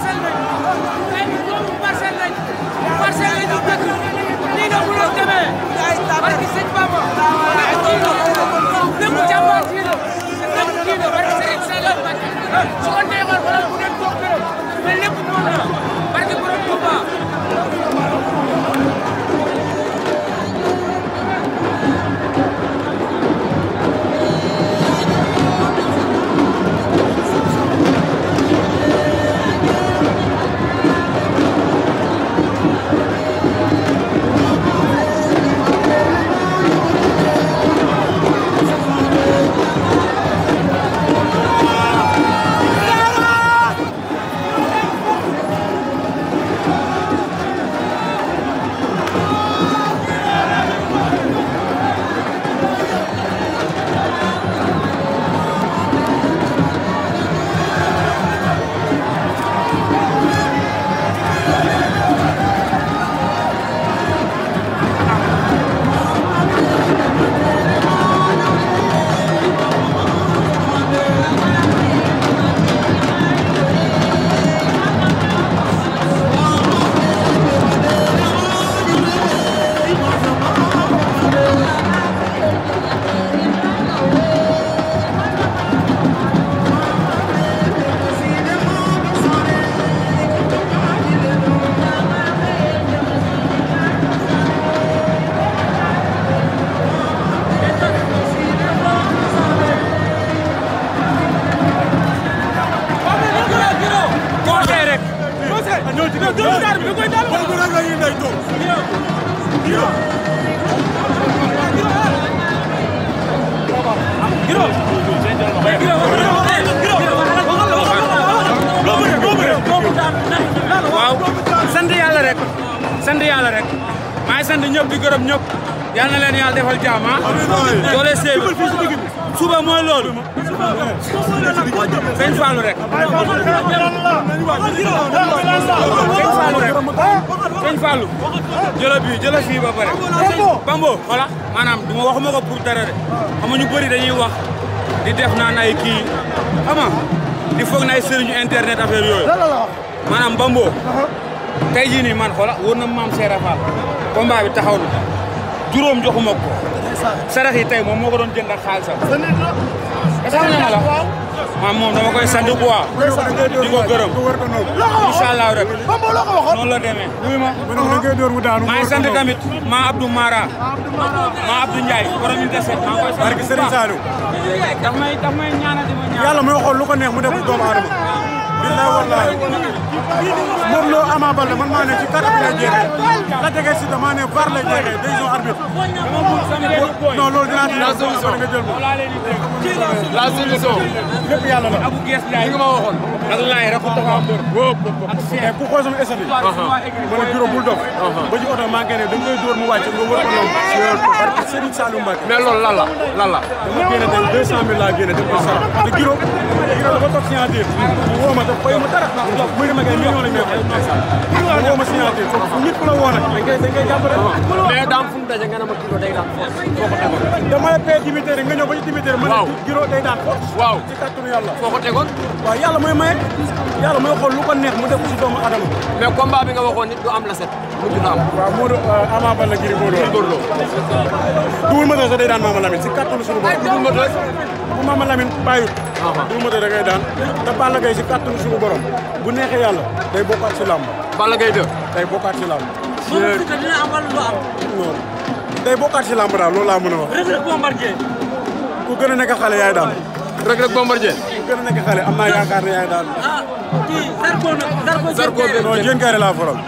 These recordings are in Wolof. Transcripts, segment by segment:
es No, do it, Dad. We're going down. We're going down. We're going down. Get up. Get up. Get up. Get up. waaw sant yàlla rek sant yàlla rek maa ngi sant ñëpp di gërëm ñëpp yal na leen yàlla defal jàmm ah. doole séeréer suba mooy loolu. sëñ Fallou rek. sëñ Fallou jëla bi jëla fii ba pare Bambo maanaam duma waxuma ko pour dara de xam nga bëri dañuy wax di def naan ay kii xama di foog na ay sëriñu internet affaire yooyu maanaam Bambo uh-huh. tey jii nii man xoola wóor maam Seera Fall combat bi taxaw juróom joxuma ko sarax yi tey moom moo ko doon jënd ak xaalisam maam ah, moom dama koy sant bu baax gërëm incha allah rek noonu la demee maa ngi sant tamit maa Abdou Mara maa Abdou Ndiaye borom ñu dese maa koy sant bu baax barke Serigne Saliou daf may daf may ñaanal di ma ñaanal yàlla muy xool lu ko neex mu def doomu Modou Lo Ama Baldé man maa ne ci kàddu gi lay jeexee la tegee si maa ne VAR lay la solution nga jël ko. la solution. lépp yàlla la li nga ma waxoon. ak laay rek ku taxaw ak ku xool sama échec bi. ma ne bureau bul dof. ba ci oto maa ngi ne dañ koy mu wàcc nga wër ko noonu. si yoon barke Serigne Saliou Mbacke. mais loolu lan la lan la. dama génne tey deux cent mille laa génne def ko sarax te giro giro dafa toog signature. mu woo ma te fayu ñëpp la woon mais daam fu mu daje nga ne ma day daan force foo ko tegoon. dama la paie dimitére nga ñëw ba waaw ma ne Guiro day daan force. waaw ci kàttanu yàlla. foo ko tegoon. waaw yàlla mooy maye yàlla mooy xool lu mu def ci doomu adama. mais combat bi nga waxoon nit du am la set. mujj na am. waaw Modou Ama Baldé Gris Bordeaux. Double Moteur sax day daan Mama Lamine ci kàttanu bu ma da ngay daan te Balla Gaye si kàttanu suñu borom bu neexee yàlla day bokkaat si làmb Balla Gaye dë day bokkaat si làmb moom Siteu dina am wala du am non day bokkaat si làmb daal loolu laa mën a wax Reug Reug Bombardier ku gën nekk xale yaay daan Reug Reug Bombardier ku gën a nekk xale am naa yaakaar ne yaay daan ah kii Zarko nag Zarko non Diène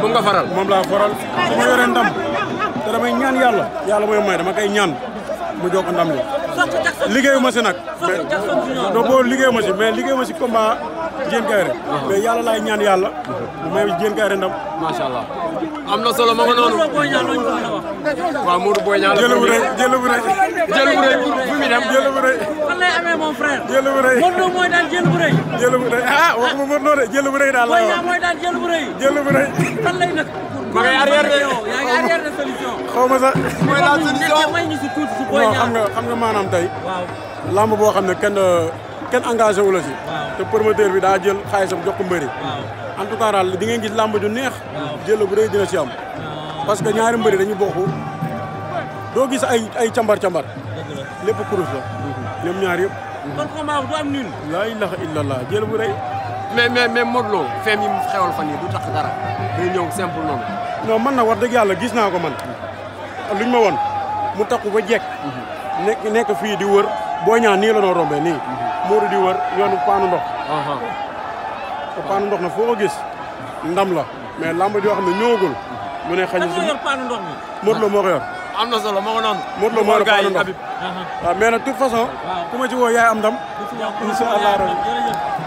moom nga faral moom laa faral su ma yoree ndam te ñaan yàlla yàlla mooy may dama koy ñaan mu jox ko ndam li. liggéeyu ma si nag. mais non boo liggéeyu ma si mais liggéeyu ma si combat Diène uh-huh. laay ñaan yàlla. mu may Diène Kaïré ndam. macha am na solo ma nga noonu. waaw Modou Boy Niang la. jël bu rëy jël bu rëy. jël bu rëy bu mooy daal jël bu rëy. jël bu rëy ah waxuma Modou Lo de jël bu rëy daal la. xaw ma sax. mooy la solution nga maanaam tey. waaw lamb boo xam ne kenn kenn engagé si. te promoteur bi daa jël xaalisam jox mbëri. en tout cas daal di ngeen gis lamb ju neex. jël bu rëy dina si am. Ah. parce que ñaari mbëri dañu bokk doo gis ay ay cambar cambar. lépp kurus la. ñoom ñaar yëpp. kon combat du am ñun. laa ilaha illallah jël bu rëy. mais mais mais Modou Lo feem yi mu xewal fan yi du tax dara. day ñëw simple noonu. non man nag wax dëgg yàlla gis naa ko man. luñ ma woon mu takku ba jekk nekk nekk fii di wër boo ñaan nii la noo rombee nii Modou di wër yoonu paanu ndox na foo ko gis ndam la mais lamb joo xam ne ñëwagul lu ne xañ su yor paanu ndox mi Modou Lo am na solo ma ko noonu Modou Lo moo yor paanu ndox waaw mais ku ma woo yaay am ndam incha allah rabbi